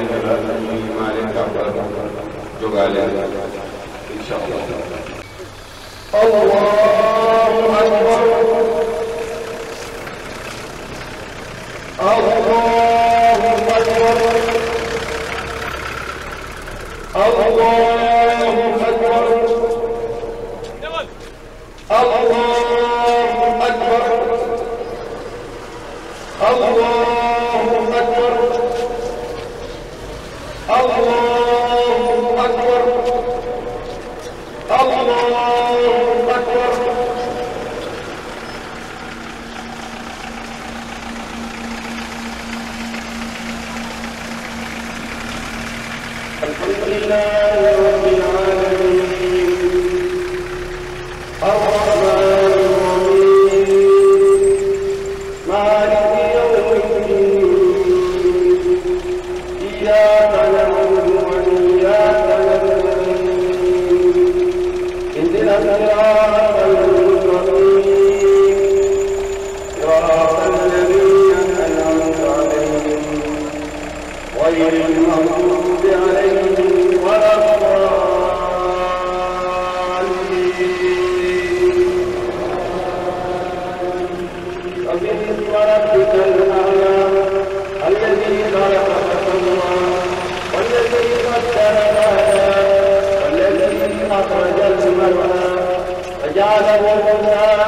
lenn la muy maa leen kàmbal jógaale incha allah. allahu akbar allahu akbar allahu akbar allahu akbar allahu الله أكبر الله ربك الأعلى الذي خلق فسوى والذي قدر فهدى والذي أخرج المرعى فجعله غثاء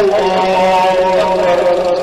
الله أكبر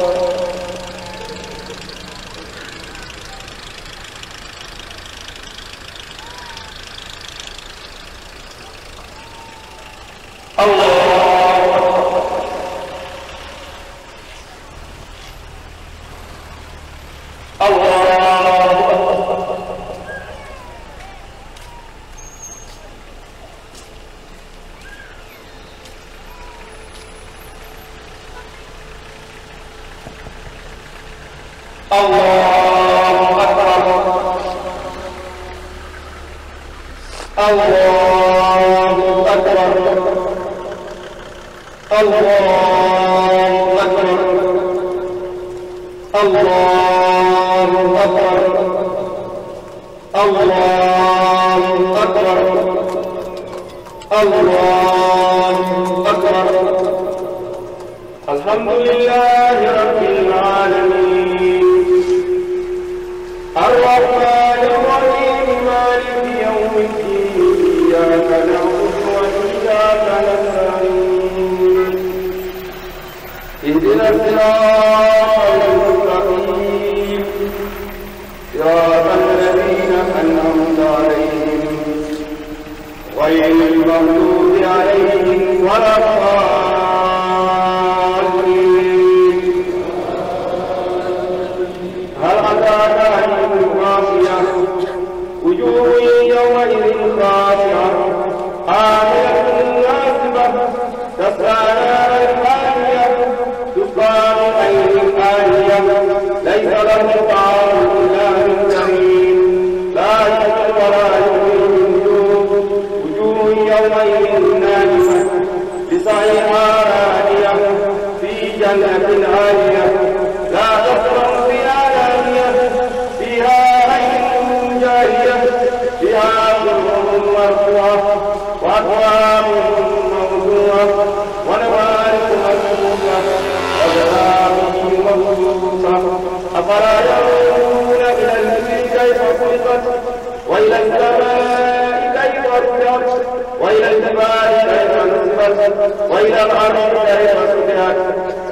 وإلى الأرض كيف سطحت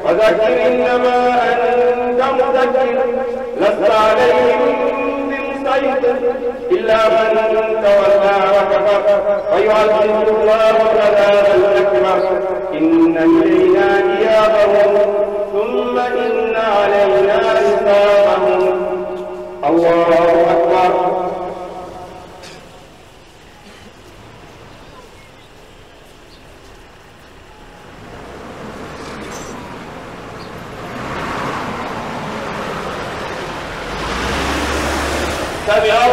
وذكر إنما أنت مذكر لست عليهم بمسيطر إلا من تولى وكفر فيعذبه الله العذاب الأكبر إن إلينا إيابهم ثم إن علينا حسابهم الله أكبر سمعوا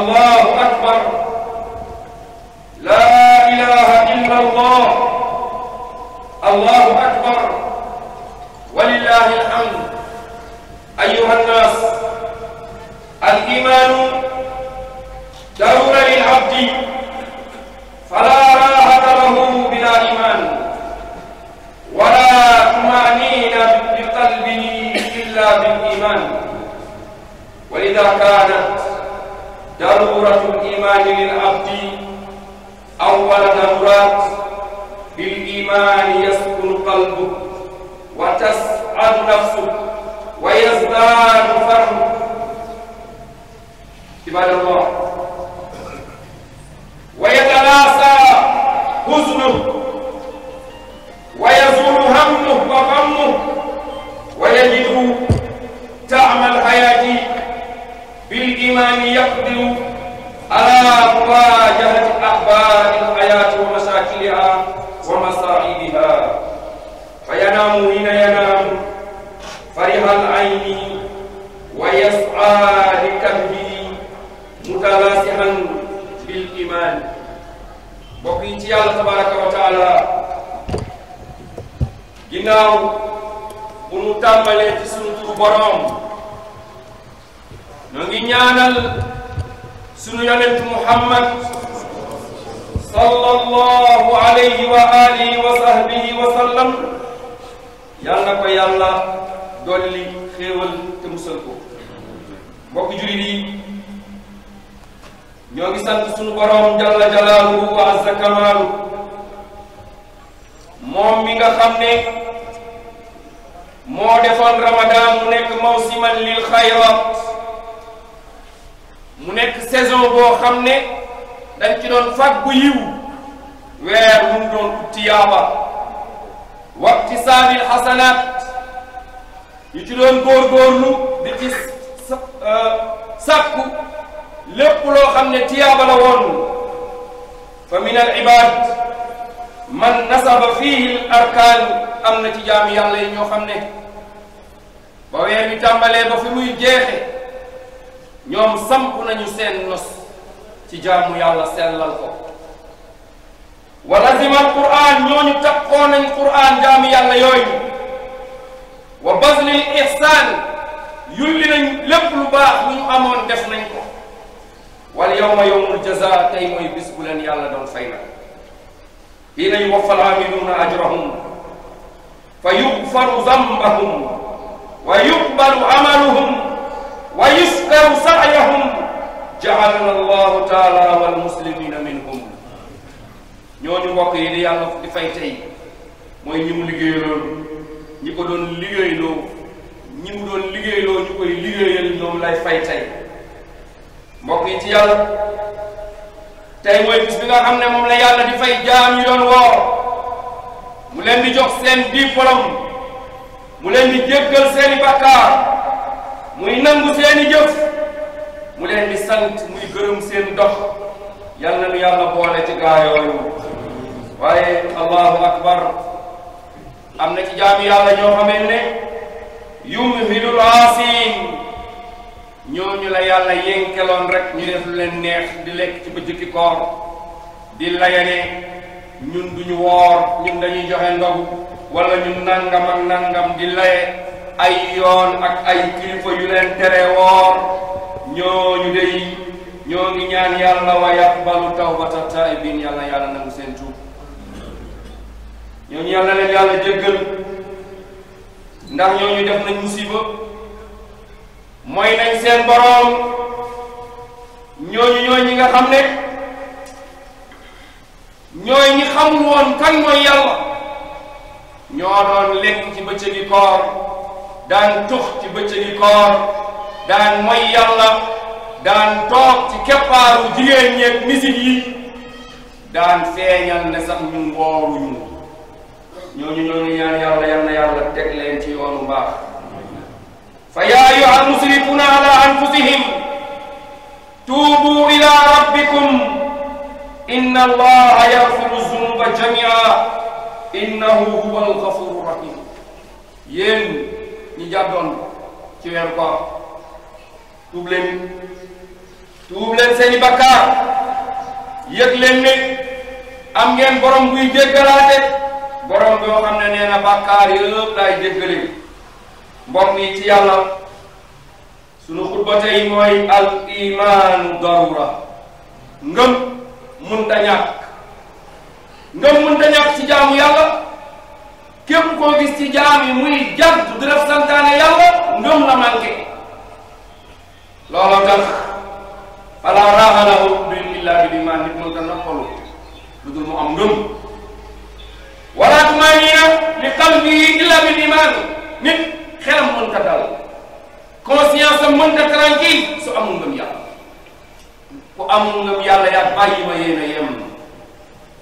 allahu akbar laa ilaha illa allah allahu akbar walillahi alhamd ayuha annas alimaanu darura lilabdi fala rahata lahu bila iman wala tumanina biqalbihi illa bil iman walida kaana ضرورة الإيمان للعبد أول ضرورات بالإيمان يسكن قلبك وتسعد نفسك ويزداد فرحك عباد الله ويتلاسى حزنه ويزول همه وغمه ويجد تعم الحياة الإيمان يقدر على مواجهة أحبار الحياة ومشاكلها ومصاعبها فينام حين ينام فرح العين ويسعى لكهبه متلاسحا بالإيمان بقيت يا الله تبارك وتعالى ginnaaw bu nu tàmbalee ci sunu turu borom ñoo ngi ñaanal sunu yonent muhammad sallallahu alayhi wa alihi wa sahbihi wa sallam yàlla ko yàlla dolli xéewal te musal ko mbokk jullit yi ñoo ngi sunu borom jalla jalaaluhu wa azza kamaalu moom mi xam ne moo defoon ramadan mu mawsiman lil xayrat mu nekk saison boo xam ne dañ ci doon fàggu yiw weer wu mu doon ut tiyaaba waxti saabil xasanaat ñu ci doon góorgóorlu di ci euh, sàkku lépp loo xam ne tiyaaba la woon fa min al ibad man nasaba fihi l am na ci jaam yàlla yi ñoo xam ne ba weer wi tàmbalee ba fi muy jeexe ñoom samp nañu seen nos ci jaamu yàlla sellal ko wa lazimal qur'an ñooñu takkoo nañ qur'an jaamu yàlla yooyu wa baslil ihsaan yulli nañ lépp lu baax lu amoon def nañ ko wal yawma yawmul jazaa tey mooy bis bu leen yàlla doon fay nag hiina yuwaffal ajrahum fa yughfaru zambahum wa yuqbalu amaluhum ويسأل سعيهم جعلنا الله تعالى والمسلمين منهم ñooñu mbokk yi di yàlla di fay tey mooy ñi mu liggéeyloo ñi ko doon liggéeyloo ñi mu doon liggéeyloo ñu koy liggéeyal ñoom lay fay tey mbokk yi ci yàlla tey mooy bis bi nga xam ne moom la yàlla di fay jaam yu doon woor mu leen di jox seen diplôme mu leen di jéggal seeni bàkkaar muy nangu seeni jëf mu leen di sant muy gërëm seen dox yal na nu yàlla boole ci gaa yooyu waaye allahu akbar am na ci jaami yàlla ñoo xamee ne yumhilul aasin ñooñu la yàlla yénkeloon rek ñu def lu leen neex di lekk ci bëccëgi koor di layane ñun duñu woor ñun dañuy joxe ndogu wala ñun nangam ak di laye ay yoon ak ay kilifa yu leen tere woor ñooñu dey ñoo ngi ñaan yàlla wa yaqbalu tawbata taibin yàlla yàlla nangu seen tuub ñooñu yàlla leen yàlla jéggal ndax ñooñu def nañ musiba mooy nañ seen boroom ñooñu ñooy ñi nga xam ne ñooy ñi xamul woon kan mooy yàlla ñoo doon lekk ci bëccëgi koor daan tux ci bëccëgi koor daan moy yàlla daan toog ci keppaaru jigéen ñeeg misik ñun wooruñu ñooñu ñooñu ñaan yal na leen ci yoonu mbaax fa yaa ayyuha almusrifuna ala anfusihim tuubu ila rabbikum inna allaha yaghfiru zunuba jamia innahu huwa alghafuru rahim ñi jàddoon ci weeru koor tuub leen seeni bakkaar yëg leen am ngeen borom buy jéggalaate borom boo xam ne nee na bakkaar yëpp laay jéggale mbokk yi ci yàlla sunu xutba tey mooy al imaanu ngëm munta ñàkk ngëm munta ñàkk ci jaamu yàlla képp koo gis ci jaam yi muy jàdd di def santaane yàlla ngëm la manqué looloo tax fala raaxa lahu illaa bi liman nit mënta noppalu lu dul mu am ngëm wala tumaanina li qalbihi illaa bi liman nit xelam mënta dal conscience am mënta tranquille su amul ngëm yàlla ku amul ngëm yàlla yaa bàyyi ma yéen a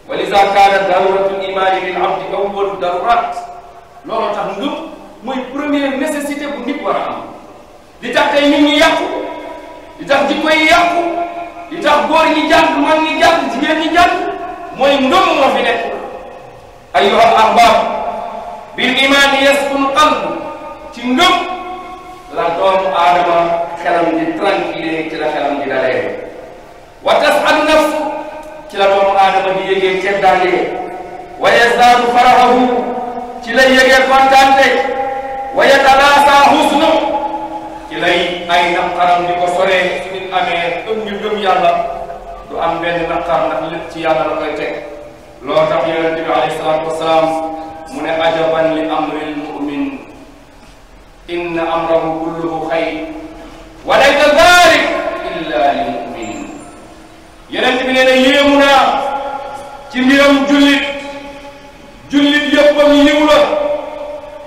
walisa kaana daruratul imaani lil abdi awwalu darurat looloo tax ngëm mooy première nécessité bu nit war a am li tax tey nit ñi yàqu li tax jikko yi yàqu li tax góor ñi jàng mag ñi jàng jigéen ñi jàng mooy ngëm moo fi nekk ayuha al ahbab bil imaani yaskunu qalbu ci ngëm la doomu aadama xelam di tranquille ci la xelam di dalee wa tasal nafsu ci la doomu aadama di yëgee teddaange wa yazdaadu farahahu ci lay yëgee kontaante wa yatalaasa husnu ci lay ay naqaram di ko soree su nit amee ëm ñu gëm yàlla du am benn naqar ndax lépp ci yàlla la koy teg loo tax yonente bi alayhi salaatu wasalaam mu ne ajaban li amril mu'min inna amrahu kulluhu xayr wa laysa dalik illa lil mu'min yonent bi nee na yéemu naa ci jullit jullit yëppam yiw la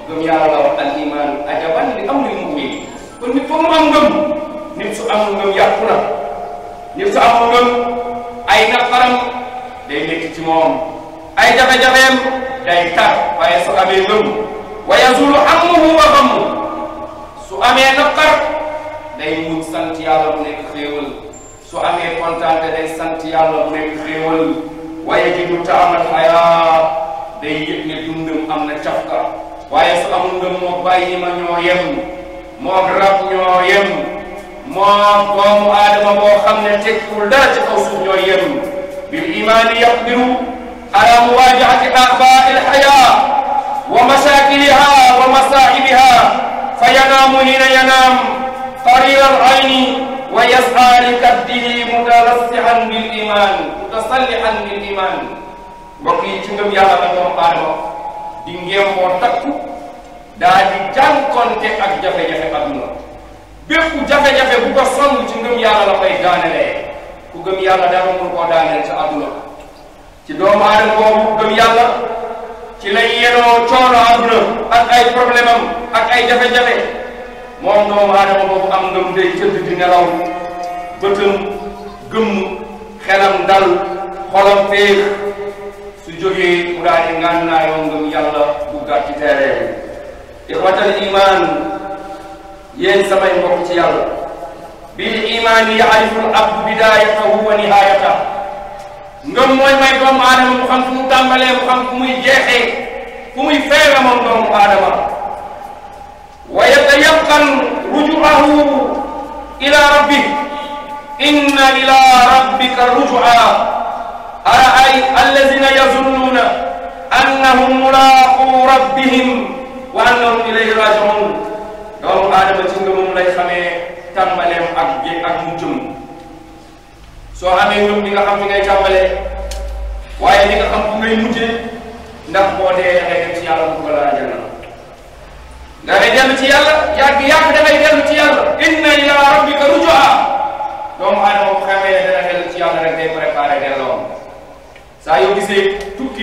ngëm yàlla wax al ajaban li amril mu'min kon mu am ngëm nit su amul ngëm yàqu na nit su amul ay naqaram day métti ci moom ay jafe-jafeem day tar waaye su amee ngëm wa yazulu hammuhu wa ghammuhu su amee naqar day mujj sant nekk xéewal su amee kontaan te day sant yàlla mu nekk xéewal waaye ji du taamal xayaa day am na cafka waaye su amul ngëm moo bàyyi ma ñoo yem moo rab ñoo yem moo doomu aadama boo xam ne tekkul dara ci kaw suuf ñoo yem bil imaani yaqdiru ala muwajaati aabaa il xayaa wa masaakiliha wa masaa'ibiha fa yanaamu hina yanaam qariir al ويسعى لكبده متلسعا بالإيمان متصلحا بالإيمان mbokk yi ci ngëm yàlla nag moom aadama di ngémboo takku daa di jànkonte ak jafe-jafe adduna bépp jafe-jafe bu ko sonn ci ngëm yàlla la koy daanelee ku gëm yàlla dara mun koo daaneel sa adduna ci doomu aadama boobu gëm yàlla ci lay coono adduna ak ay problème am ak ay jafe-jafe moom doomu aadama boobu am ngëm day tëdd di nelaw bëtam gëmm xelam dal xolam féex su jógee mu daal di ngànnaayoo ngëm yàlla duggaat ci teeree ixwatal imaan yéen samay mbokk ci yàlla bil imaani yaariful abdu bidaayatahu wa nihaayata ngëm mooy may doomu aadama mu xam fu mu tàmbalee mu xam fu muy jeexee fu muy feewe moom doomu aadama ويتيقن رجوعه إلى ربه إن إلى ربك الرجعى أرأي الذين يظنون أنهم ملاقو ربهم وأنهم إليه راجعون doomu aadama ci ngëmam lay xamee tàmbaleem ak jé ak muccam soo amee ngëm di nga xam fi ngay tàmbalee waaye di nga xam fu ngay mujjee ndax boo dee ngay dem ci yàlla bu ko laa jënal da ngay dellu ci yàlla yàgg yàgg da ngay dellu ci yàlla inna ila rabbika rujua doomu aadama bu xamee ne dana dellu ne tukki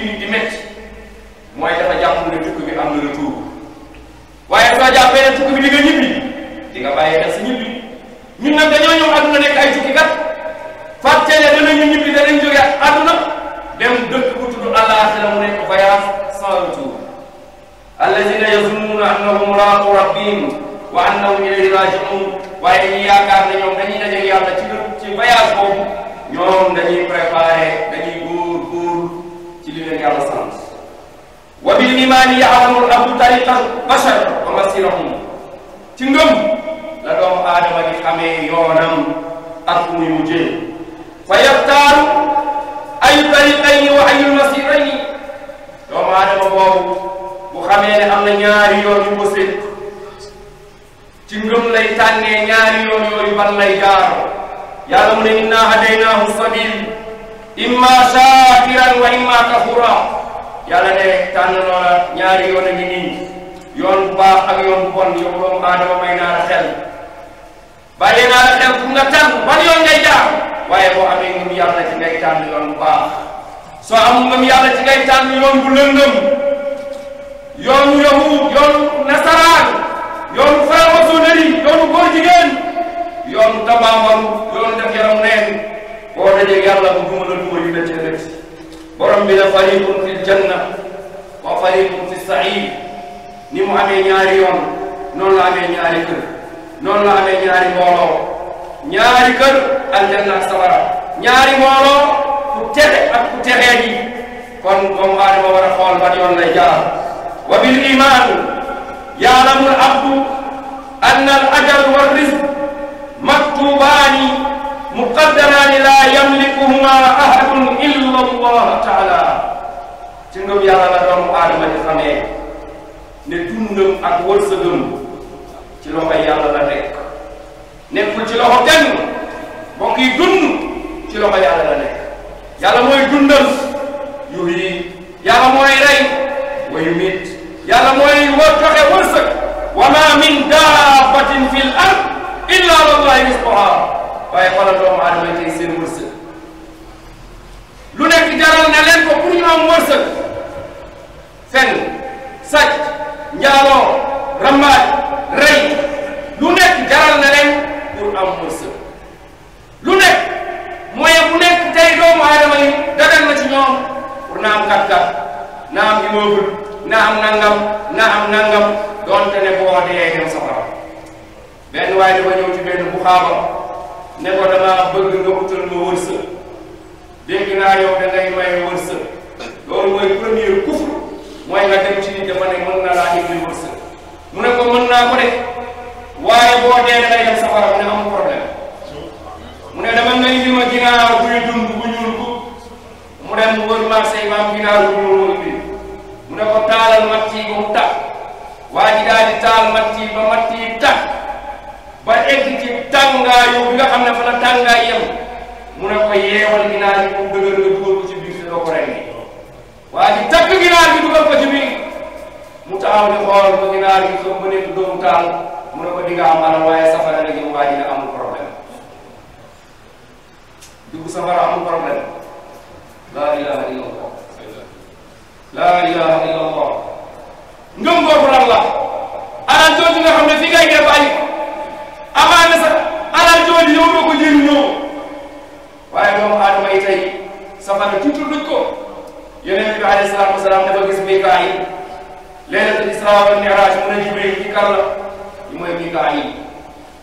bi am na retour waaye soo jàppee ne tukki bi di nga ñibbi di nga bàyyi xel si ñibbi ñun nag dañoo ñëw àdduna nekk ay tukki allazina yazunnuuna annahum mulaaqu rabbihim wa annahum ilayhi raaji'uun waaye ñi yaakaar ne ñoom dañuy dajeeg yàlla ci ci voyage boobu ñoom dañuy préparé dañuy góor góor ci li leen yàlla sant wa bil imaani ya'lamu al-abdu tariqa bashar wa masirahum ci ngëm la doomu aadama di xamee yoonam ak fu muy mujjee fa yaftaaru ay tariqayni wa ayul masirayni doomu aadama boobu xamee ne am na ñaari yoon yu ko séen ci ngëm lay tànnee ñaari yoon yooyu ban lay jaaroo yàlla mu ne inna hadaynaahu sabil imma shakiran wa imma kafura yàlla ne tànn loola ñaari yoon a ngi nii yoon baax ak yoon bu bon yow doomu aadama may naa la xel bàyyee naa xel pour nga tànn ban yoon ngay jaar waaye boo amee ngëm yàlla ci ngay tànn yoon bu baax soo amul ngëm yàlla ci ngay tànn yoon bu lëndëm yoonu yahud yoonu nasaraan yoonu franc-maçonnerie yoonu góor jigéen yoonu tabaamam yoonu def neen boo dajee duma la duma yu dacee borom bi la fariqun fil janna wa fariqun fis sa'ir ni mu amee ñaari yoon noonu la amee ñaari kër noonu la amee ñaari mbooloo ñaari kër aljanna ak sawara ñaari ku texe ak ku texee ji kon doomu aadama war a xool ban yoon lay jaar وبالإيمان يعلم العبد أن الأجر والرزق مكتوبان مقدران لا يملكهما أحد إلا الله تعالى تنقم يا رب دوم آدم الإسلامي نتندم أكبر سدم تلوم يا رب لك nekkul ci loxo kenn mbokk yi dund ci loxo yàlla la nekk yàlla mooy dundal yu yi yàlla mooy rey wa yu miit yàlla mooy war joxe wërsëg wa ma min daabatin fi l ard illa wallahi risqoha waaye xoolal doomu aadama tey seen wërsëg lu nekk jaral na ko pour am wërsëg fen sàcc njaaloo rambaaj rey lu nekk jaral na leen am wërsëg lu nekk moyen bu nekk tey doomu aadama yi dagan na ci ñoom pour na am kat na am nangam na am nangam donte ne boo dee yaay dem safara benn waaye dafa ñëw ci benn buxaabam ne ko damaa bëgg nga utal ma wërsëg dégg naa yow da ngay maye wërsëg loolu mooy premier kufr mooy nga dem ci nit dafa ne mën na laa indi wërsëg mu ne ko mën naa ko de waaye boo dee da ngay dem safara mu ne amul problème mu ne dama ngay indi ma ginaaw buy dund bu ñuul ko mu dem wër marché yi ma am ginaaw bu ñuul ne ko taalal matti ba mu tàkk waa ji daal di taal matti ba matti yi tàkk ba egg ci tàngaayu bi nga ne fa la yem mu ne ko yeewal ginaar yi mu dëgër nga dugal ko ci biir te doo waa ji takk ginaar bi dugal ko ci biir mu taxaw di xool ba ginaar bi soo ba nekk doomu taal mu ne ko di nga waaye safara la jëm waa ji ne amul problème dugg safara amul problème laa ilaha illallah laa ilaha illa allah ngëm googu lan la alal jooju nga xam ne fi ngay def ay amaana sa alal jooju yow doo ko jëriñoo waaye doomu aadama yi tey safara tuuti duñ ko yonent bi alayhi salaatu wasalaam dafa gis Mikaayil leelatul israa wal miraaj mu ne Jibril ci kan la ñu mooy Mikaayil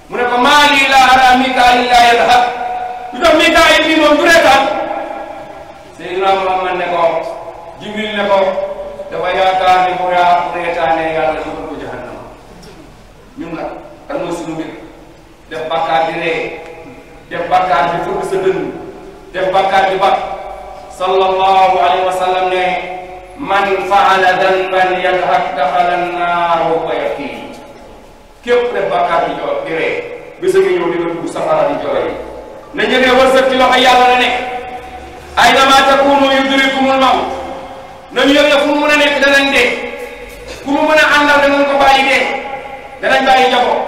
mu ne ko maa lii laa araa Mikaayil laa yadhab lu tax Mikaayil bii moom du reetaan Seydina Muhammad ne ko Jibril ne ko dafa yaakaar ni bu yaa reetaanee yàlla yóbbu ko jahannama ñun nag kan mooy suñu def bàkkaar di def bàkkaar di fëgg sa def bàkkaar di bat sallallahu alayhi wa ne man faala danban yadhak daxala naaru wa yaqii képp def bàkkaar di jox di ree bés a ngi ñëw di nga dugg safara di jooy na ñëwee wërsëg ci loxo yàlla la nekk takunu yudrikumul mawt ñooñu yooyu fu mu mën a nekk danañ dee ku mu mën a àndal danañ ko bàyyi dee danañ bàyyi njaboot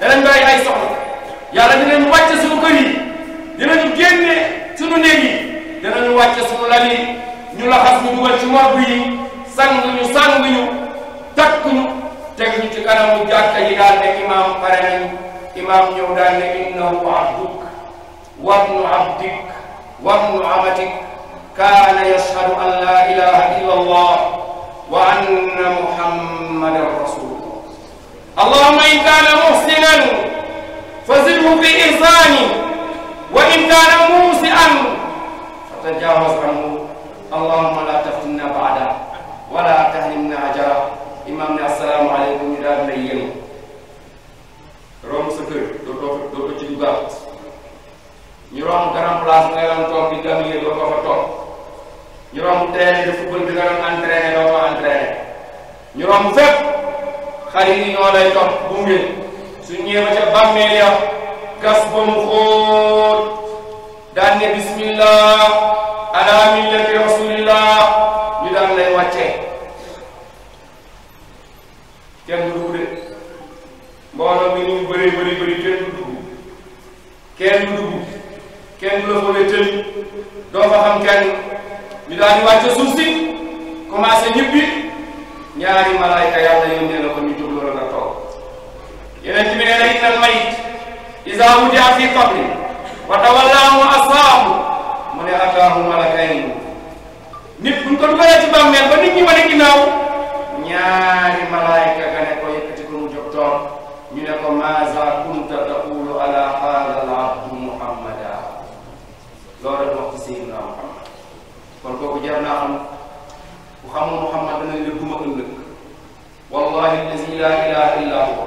danañ bàyyi ay soxla yàlla dinañ wàcce suñu kër yi dinañ génne suñu néeg yi danañ wàcce suñu lal yi ñu laxas ñu dugal ci morgue yi sang ñu sang ñu takk ñu teg ñu ci kanamu jàkka yi daal ne imaam pare nañ imaam ñëw daal ne innahu abduk wabnu abdik wabnu amatik kaana yashhadu an laa ilaha illa allah wa anna muhammadan rasulullah allahumma in kaana muhsinan fazidhu fi ihsani wa in kaana musian fatajawaz anhu allahumma la taftinna baada wala tahrimna ajra imaam ne assalaamu aleykum ñu daal lay yéen romb sa kër doo doo ci dugaat ñu romb grand place nga lan toog di gam yee doo ko fa toog ñu romb terrain de football bi nga doon entraîné doo ko entraîné ñu romb fépp xar yi ñoo lay topp gunge su ñëwee ba ca bàmmeel ya gas ba mu xóot daan ne bismillah ala millati rasulillah ñu daan lay wàccee kenn du dugg de mbooloo mi ñu bëri bëri bëri kenn du dugg kenn du dugg kenn du la fa wéttali doo fa xam kenn ñu daal di wàcce suuf si commencé ñibbi ñaari malaayka yàlla yónnee na ko ñu jublu na toog yeneen ci bi nee na mayit iza wudi'a fi qabri wa tawallaahu asaabu mu ne ataahu malakayn nit buñ ko dugalee ci bàmmeel ba nit ñi wane ginnaaw ñaari malaayka ga ne ko yëkkati ko ñu ne ko maaza kunta taqulu ala haadha al abdu muhammada loolu la wax kon kooku jar naa xam ku xamul Muhammad danañ la duma ëllëg wallahi lazi laa ilaha illa huwa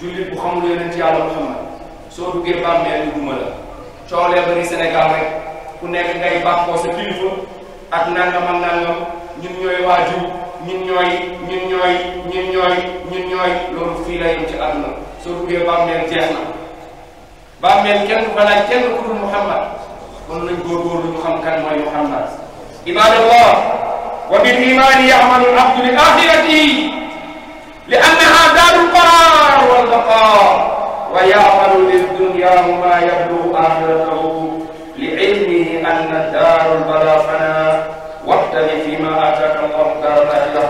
jullit bu xamul yonent yàlla Muhammad soo duggee bàmmeel ñu duma la coolee rek ku nekk ngay bàkkoo sa kilifa ak nangam ak nangam ñun ñooy waajur ñun ñooy ñun ñooy ñun ñooy ñun ñooy loolu fii la yem ci àdduna soo duggee bàmmeel jeex na bàmmeel kenn ku fa laaj kenn ku dul Muhammad kon nañ góorgóorlu ñu xam kan mooy Muhammad عباد الله وبالإيمان يعمل العبد لآخرته لأنها دار القرار والبقاء ويعمل للدنيا ما يبلغ آخرته لعلمه أن الدار البلا فنا واحتل فيما آتاك الله دار الآخرة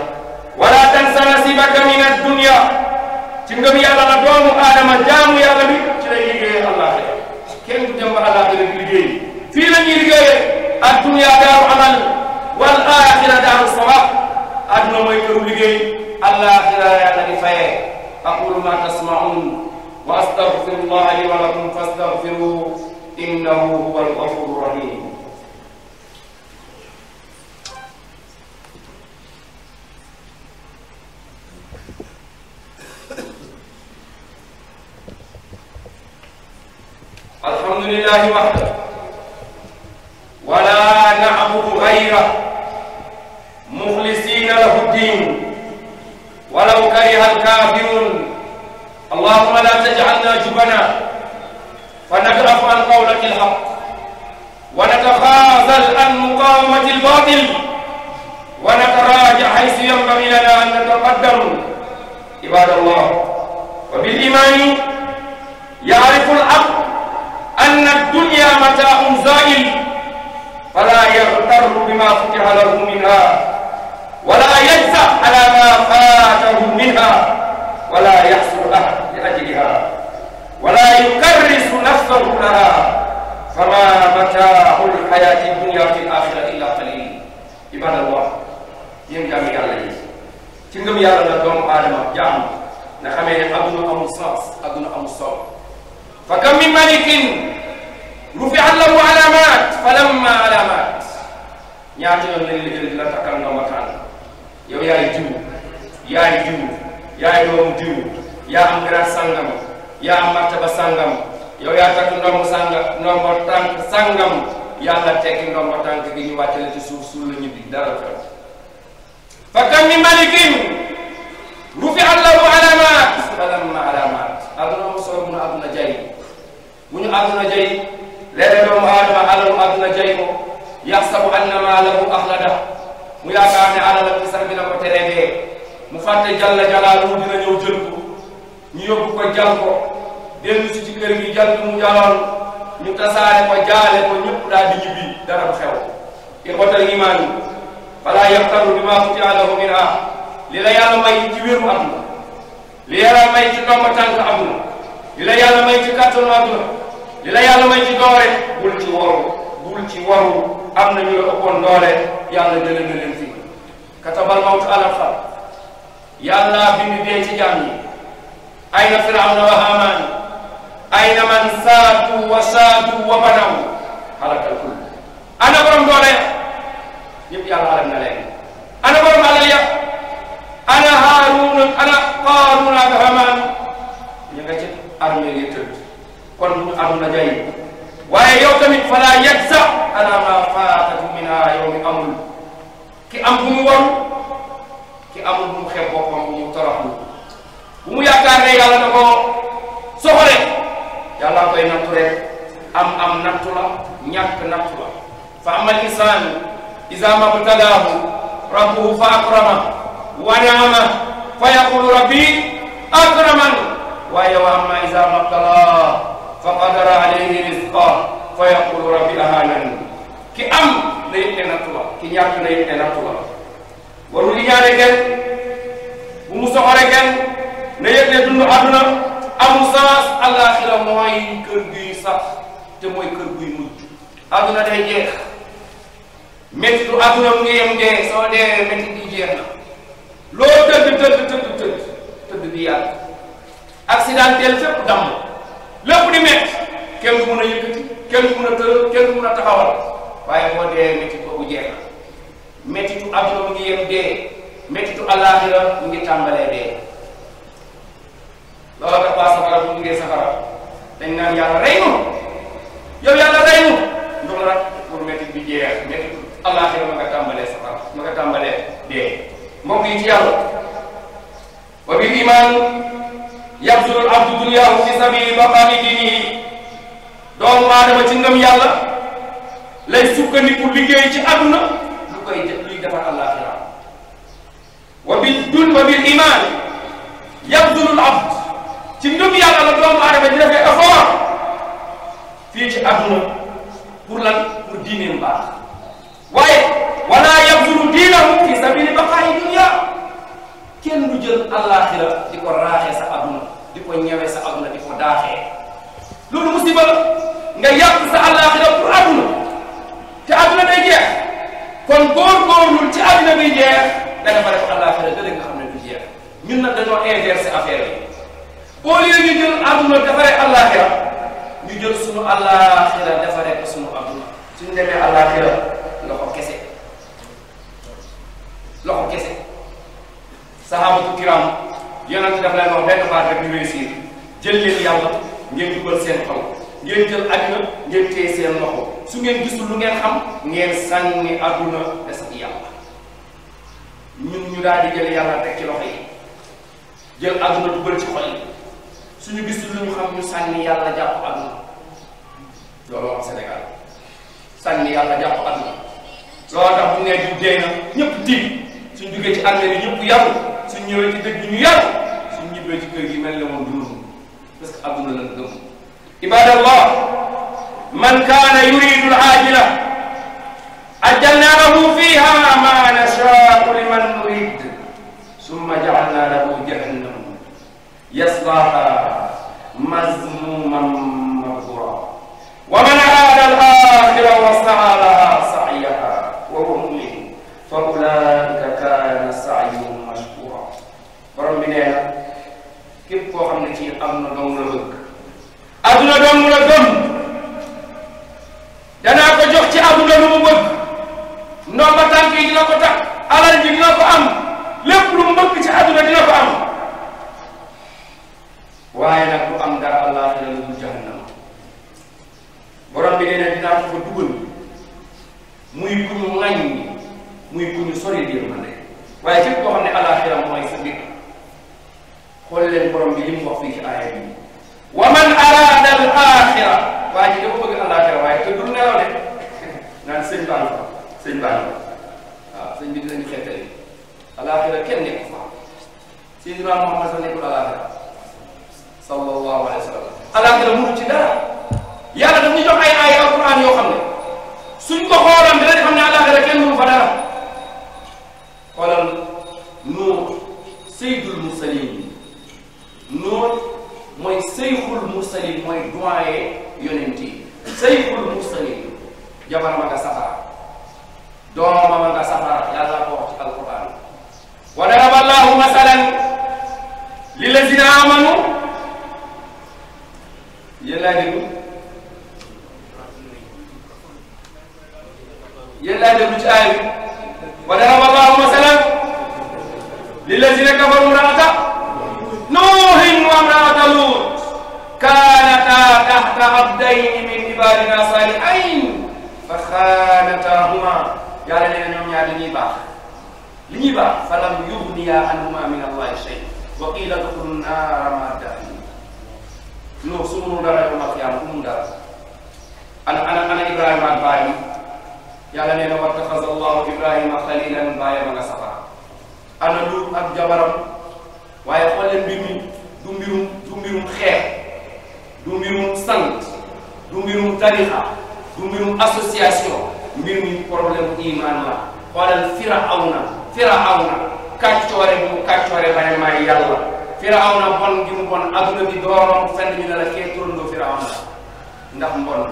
ولا تنس نصيبك من الدنيا تنقم يا الله دوم آدم جام يا الله بي تلاقي الله خير كم تجمع الله بالدنيا fii la ñuy liggéeyee ak dunya daaru amal wal aaxira daaru sawab adduna mooy këru liggéey alaaxira yàlla di fayee aqulu ma tasmaun wa astaghfiru llaha li wa lakum fastaghfiruhu innahu huwa alghafuru rahim alhamdulillahi wahda ولا نعبد غيره مخلصين له الدين ولو كره الكافرون اللهم لا تجعلنا جبنا فنكرف عن قولك الحق ونتخاذل عن مقاومة الباطل ونتراجع حيث ينبغي لنا أن نتقدم عباد الله وبالإيمان يعرف العبد أن الدنيا متاع زائل فلا يغتر بما فتح له منها ولا يجزع على ما فاته منها ولا يحسر أحد لأجلها ولا يكرس نفسه لها فما متاع الحياة الدنيا في الآخرة إلا قليل عباد الله yéen jàmm yàlla yi ci ngëm yàlla la doomu aadama jàmm nga xamee ne adduna amul sens adduna amul solo fa kam min malikin rufi'at lahu alamaat falamma alamaat ñaata yoon lañ la jël di la takkal nga mataan yow yaay jiwu yaay jiwu yaay doomu jiwu yaa am grade sangam yaa am martaba sangam yow yaa takk ndombo sangam ndombo tànk sangam yàlla tekki ndombo tànk gi ñu wàcce la ci suuf suuf la ñibbi dara fa fa kam min malikin rufi'at lahu alamaat falamma alamaat aduna mu soobu na aduna jay bu ñu aduna jay yaxsabu anna maalahu axlada mu yaakaar ne alalam ci sax bi na ko tere dee mu fàtte jalla jalaaluhu dina ñëw jël ko ñu yóbbu ko jal dellu si ci kër gi jal mu jaloon ñu tasaare ko jaale ko ñëpp daal di ñibbi dara bu xew ixwatal imaan yi falaa yaftaru bi maa futia lahu min ah li la yàlla may ci wéru li yàlla may ci ndomba tànk am li la yàlla may ci kàttanu li la yàlla may doore bul ci waru bul am na ñu ëppoon doole yàlla jëlee na leen fii katabal mawtu alal xal yàlla bind dee ci jaam yi ay na firawna wa haamaani ay na man saatu wa saatu wa banaw xalakal kul ana borom doole ñëpp yàlla alal na leen ana borom alal ya ana haaruuna ana qaaruuna ak hamaan ñu nga ci armée yi tëdd kon am na jay waaye yow tamit fala yajza ala ma faatahu mina yow mi amul ki am bu mu won ki amul bu mu xeeb boppam bu mu toroxlu bu mu yaakaar ne yàlla ko soxore yàlla koy nattu rek am am nattu la ñàkk fa amal insaanu iza mabtalaahu rabbuhu fa akrama wa naama fa yaqulu rabbi akraman waaye wa amma iza mabtalaahu faqadar alayhi risqa fa yaqulu rabbi ahanan ki am na yitte nattu la ki ñàkk na yitte nattu la warul ñaane kenn bu mu soxore kenn na yëg ne dund àdduna amul sens mooy kër guy sax te mooy kër guy mujj àdduna day jeex métti du àdduna mu ngi dee soo dee métti di jeex na loo tëdd tëdd tëdd tëdd tëdd bi yàlla accidentel fépp damm lépp di métti kenn du mën a yëkkati kenn du mën a tëral kenn du taxawal waaye boo dee métti boobu jeex na méttitu àdduna mu ngi yem dee méttitu àllaaxira mu ngi tàmbalee dee loolu tax waa safara bu duggee safara dañ naan yàlla rey yow yàlla rey nu ndox la pour méttit bi jeex méttitu àllaaxira ma nga tàmbalee safara ma nga tàmbalee dee mbokk yi ci yàlla wa bil yabdulul abdu duniyaahu fi sabili baqaami dinihi doomu aadama ci ngëm yàlla lay sukkandiku liggéey ci àdduna lu koy luy defar àllaaxira wa bi dul wa bil iman yabdulul abd ci ngëm yàlla la doomu aadama di defee effort fii ci àdduna pour lan pour diineem baax waaye wala yabdulu diinahu fi sabili baqaami duniyaa kenn du jël àllaaxira di ko raaxee sa aduna di ko ñewee sa aduna di ko daaxee loolu musiba la nga yàq sa àllaaxira pour aduna te aduna day jeex kon góorgóorlul ci aduna bi jeex da nga fa def àllaaxira ñun nag dañoo inversé ñu jël aduna defaree àllaaxira ñu jël sunu àllaaxira ko sunu aduna suñu demee àllaaxira loxo kese loxo kese. saxaabatu kiram yonent daf leen wax benn baat rek ñu réussir jël leen yàlla ngeen dugal seen xol ngeen jël àdduna ngeen téye seen loxo su ngeen gisul lu ngeen xam ngeen sànni àdduna des ak yàlla ñun ñu daal di jël yàlla teg ci loxo yi jël àdduna dugal ci xol yi suñu gisul lu ñu xam ñu sànni yàlla jàpp àdduna looloo am Sénégal sànni yàlla jàpp àdduna looloo tax bu ne du dee na di suñ duggee ci àdduna bi ñëpp yàlla. ñëwee ci dëkk ñu yàlla suñ ñibbee ci kër gi mel ne moom dund parce que àdduna lan gëm ibadallah man kaana yuridu al-aajila ajjalnaa lahu fiiha maa nashaa'u liman nuriid summa ja'alnaa lahu jahannam yaslaahaa mazmuuman mabkuuraa wa man aada yéen laay déglu ci aay bi wa daraba allahu masalan lillazina kafaru imra'ata nuuhin wa imra'ata luut kaanataa tahta abdayni min ibadina salihayn fa xaanataahuma yàlla nee na ñoom ñaar li ñuy baax li ñuy baax falam yugniya anhuma min allahi shay wa qila dxulu naara ma daxilin non su munul dara yomal qiyaama ku mun dara ana ana ana Ibrahima ak baayam yàlla nee na wattaxaza allahu ibrahima xalilan bàyyam a nga safara ana lu ak jabaram waaye xooleen mbir mi du mbirum du mbirum xeex du mbirum sant du mbirum tarixa du mbirum association mbir mi problème iman la xoolal firawna firawna kàccoore bi mu kàccoore ba ne maay yàlla firawna bon gi mu bon adduna bi dooroom fenn ñu ne la kee turandoo firawna ndax mbon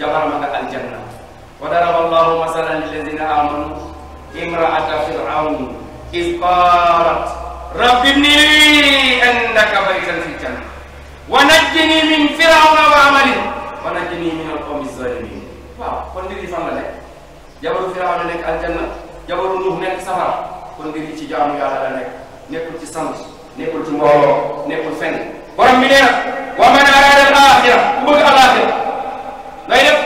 jabaram a aljanna وضرب الله مثلا للذين آمنوا امرأة فرعون إذ قالت رب ابن لي عندك بيتا في الجنة ونجني من فرعون وعمله ونجني من القوم الظالمين waaw kon mbir yi fan la nekk jabaru Firawna nekk aljanna jabaru Nuux nekk safara kon mbir yi ci jaamu yàlla la nekk nekkul ci sant nekkul ci mbooloo nekkul fenn borom bi nee na wa man araada al axira ku bëgg al axira ngay def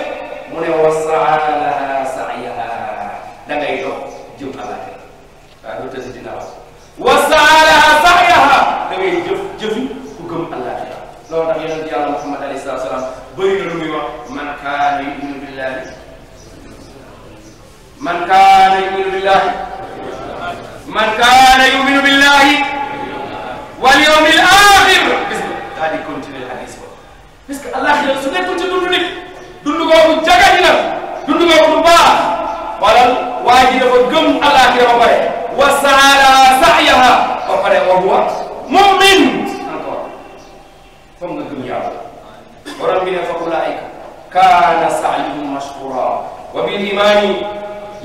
man kaana yuminu billahi wal yawmi al axir gis nga daal di continuer hadis ba parce que alaxira su nekkoon ci dund nit dund googu jagadi na dund googu du baax xoolal waa ji dafa gëm alaxira ba pare wa saala sa'yaha ba pare wa huwa mumin encore foog nga gëm yàlla borom bi ne fa ulaayika kaana sa'yuhum mashkura wa bil imani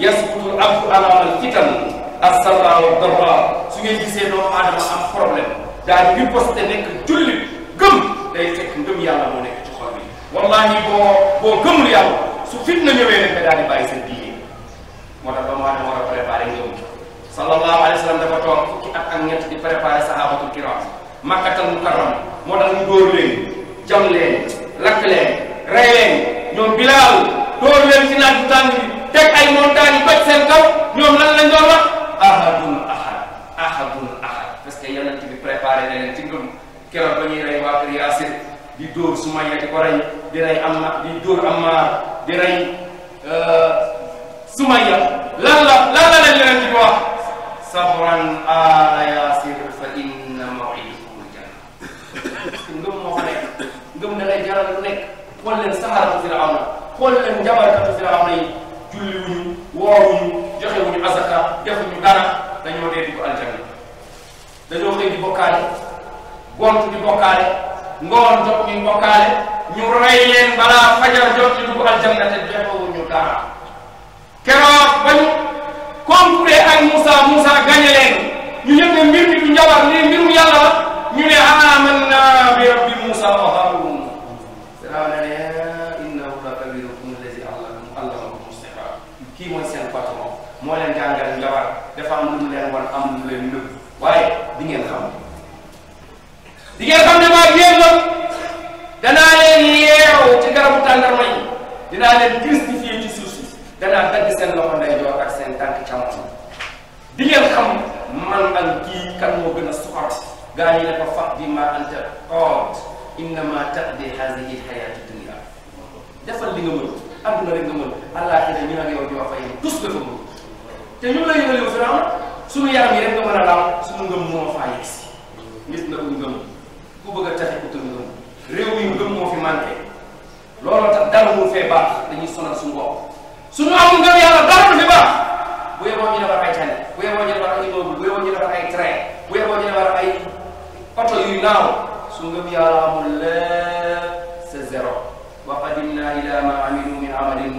yasbutu al abdu amaama al fitan ak sarra wa darra su ngeen gisee doomu aadama am problème daal di riposte nekk jullit gëm day fekk ngëm yàlla moo nekk ci xol bi wallahi boo boo gëmul yàlla su fitna ñëwee rek nga daal di bàyyi seen diine moo tax doomu aadama war a préparé ngëm sallallahu alayhi wa sallam dafa toog fukki at ak ñett di préparé sahabatul kiram makkatal mukarram moo tax jam leen lakk leen ñoom bilaal dóor leen ci naaj bu tàng bi teg ay montagne yi baj seen ñoom lan lañ doon wax ahadun ahad ahadun ahad parce que bi préparé na leen ci ngëm rey waa kër di dóor Sumayya di ko rey di rey Amma di rey euh, Sumayya lan la lan la wax sabran ala Yaasir fa inna maw'idakum janna parce que ngëm moo fa nekk ngëm da lay jaral lu nekk xool leen saxaratu Firawna xool leen njabarkatu Firawna yi julli wuñu woowuñu joxewuñu asaka defuñu dara dañoo dee di ko aljana dañoo xëy di bokkaale gont di bokkaale ngoon jot ñu bokkaale ñu rey leen balaa fajar jot ñu dugg aljanna te joxewuñu dara keroog ba ñu conclure ak Moussa Moussa gañe leen ñu ñëpp mbir mi du njabar ne mbiru yàlla la ñu ne amanna bi rabbi Moussa wa Haroun moo leen jàngal njabar dafa am lu mu leen wan am lu leen nëbb waaye di ngeen xam di ngeen xam danaa leen yeew ci garabu ci suuf danaa dagg seen loxo ndeyjoor ak seen tànk càmmoñ di ngeen man ak kii kan moo gën a soxor gaa yi ne ko fax bi ma anta qaad innama taqdi hadihi lxayaati dunia li nga mën adduna rek nga mën àllaaxira ñu nag yow ñoo fay tus dafa mën te ñun la yëngal yow Firawna suñu yaram yi rek nga mën a laal suñu ngëm moo faa yegg si nit na ku ngëm ku bëgg a taxe utal ngëm réew mi ngëm moo fi manqué looloo tax dara mu fee baax dañuy sonal suñu bopp suñu amul ngëm yàlla dara du fi baax bu yeboo ñu defar ay tali bu yeboo ñu defar ay immeuble bu yeboo ñu defar ay train bu yeboo ñu defar ay oto yuy naaw su ngëm yàlla amul lépp c'est zéro wa ila ma amilu min amalin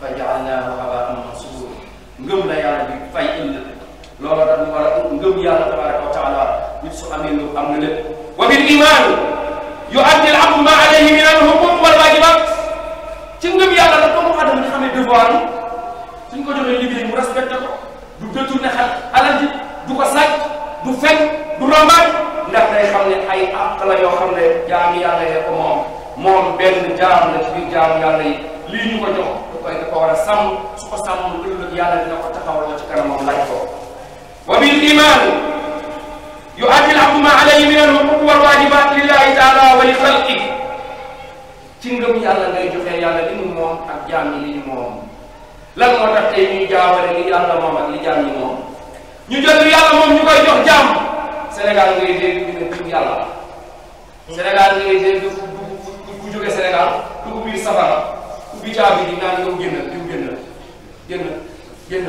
fa jaalnaahu habaan mansuura ngëm la yàlla di fay ëllëg loolu tax mu war a ngëm yàlla tabaraka wa taala nit su amee lu am na lépp wa bil iman yuaddi ma alayhi min al huquq wal wajibat ci ngëm yàlla la doomu adama di xamee devoir yi suñ ko joxee liggéey du détourné xel alal du ko du fekk du rombaat ndax day xam ne ay àq la yoo xam ne jaam yàlla yee ko moom moom jaam la ci jaam yàlla yi lii ñu jox koy da ko war a sàmm su ko sàmm lu dul yàlla dina ko taxawaloo ci kanamam laaj ko wa bil iman yu'addi al abdu ma alayhi min al huquq wal wajibat lillahi taala wa li xalqi ci ngëm yàlla ngay joxe yàlla li mu moom ak jaam yi li ñu moom lan moo tax tey ñuy jaawale li moom ak li jaam yi moom ñu jël li moom ñu koy jox jaam Sénégal ngay dégg ñu ne gëm yàlla Sénégal ngay dégg ku jóge Sénégal dugg biir safara bi caabi di naan yow génn diw génn génn génn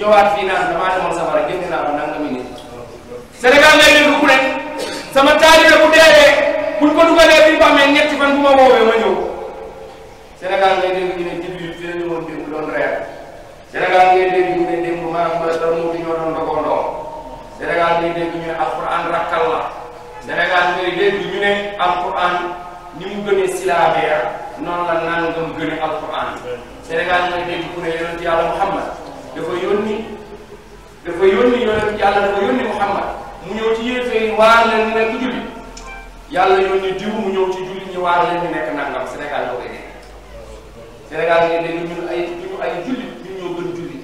ñëwaat fii naan damaa demoon safara génn naa ma nangami nit Sénégal léegi du ne sama taalibe bu deewee buñ ko dugalee bi ñu ko amee ñetti fan bu ma woowee ma ñëw Sénégal ngay dégg ne jiw yi ñu woon démb doon reer Sénégal ngay ne démb maanaam mbaa doon dogoo ndox Sénégal ngay dégg ñu ne alquran rakkal la Sénégal ngay dégg ñu ne alquran ni mu gënee silaabeer noonu la nangam gën a alquran Sénégal mooy dégg ku ne yonent yàlla Muhammad dafa yónni dafa yónni yonent yàlla dafa yónni Muhammad mu ñëw ci yéefee waar leen nekk julli yàlla yónni diw mu ñëw ci julli ñi waar leen ñu nekk nangam Sénégal la koy dégg Sénégal ngay dégg ñun ay ñu ay julli ñun ñoo gën julli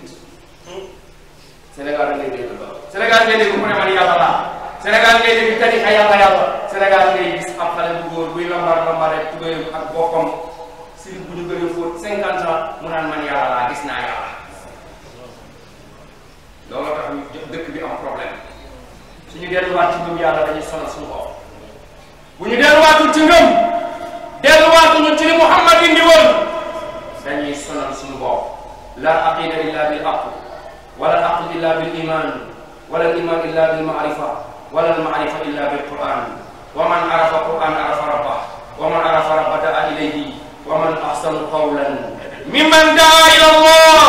Sénégal ngay dégg loolu Sénégal ngay dégg ku ne man yàlla laa Sénégal ngay dégg tarixa yàlla yàlla Sénégal ngay gis am xale bu góor buy lambar ak boppam si bu ñu gën a fóot cinquante ans mu naan man yàlla laa gis naa yàlla looloo tax ñu dëkk bi am problème suñu delluwaat ci sonal suñu bopp bu ñu delluwaatul ci ngëm delluwaatuñu sonal suñu bopp la aqida illa bil aql wala aql illa bil iman wala iman illa bil maarifa wala almaarifa illa bilquran wa man arafa quran arafa rabbah wa man arafa rabba daa ilayhi wa man ahsanu qawlan mimman daa ila allah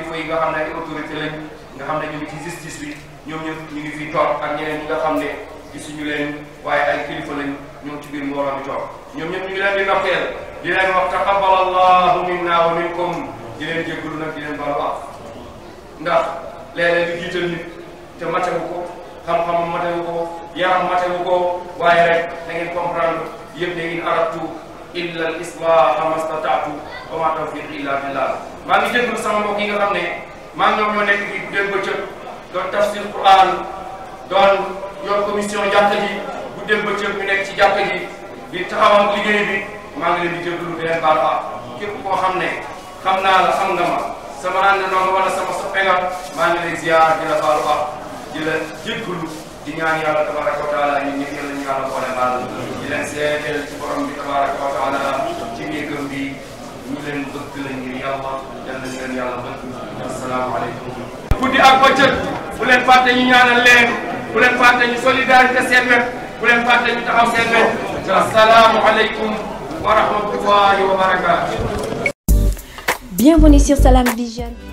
kilifa yi nga xam ne ay autorité lañ nga xam ne ñu ngi ci justice bi ñoom ñëpp ñu ngi fi toog ak ñeneen ñi nga xam ne gisuñu leen waaye ay kilifa lañ ñoom ci biir mbooloo mi toog ñoom ñëpp ñu ngi leen di ndokkeel di leen wax taqabbal allahu minna wa minkum di leen jéggalu nag di leen bala baax ndax léeg-léeg di jiital nit te matewu ko xam-xamam matewu ko yaram matewu ko waaye rek da ngeen comprendre yëpp da ngeen arab tout illa al islaha mastataatu ma tawfiqi illa billah maa ngi jégalu sama mbokk yi nga xam ne maa ngi ñoom ñoo nekk di dégg bëccëg doon tafsir quran doon yor commission jàkka ji bu dégg bëccëg ñu nekk ci jàkka ji di taxawal liggéey bi maa ngi leen di jégalu beneen baal baax képp koo xam ne xam naa la xam nga ma sama ànd noonu wala sama soppe nga maa ngi lay ziar di la baalu baax di la jégalu di ñaan yàlla tabaraka wa taala ñun ñëpp yàlla ñu yàlla boole baal di leen seedeel ci borom bi tabaraka wa taala ci néegam bi ñu leen bëgg la ngir yàlla yal nañ leen yàlla bëgg asalaamaaleykum guddi ak bëccëg bu leen fàtte ñu ñaanal leen bu leen fàtte ñu solidarité seen wet bu leen fàtte ñu taxaw seen wet asalaamualeykum wa rahmatullahi wa barakatuh Bienvenue sur Salam Vision.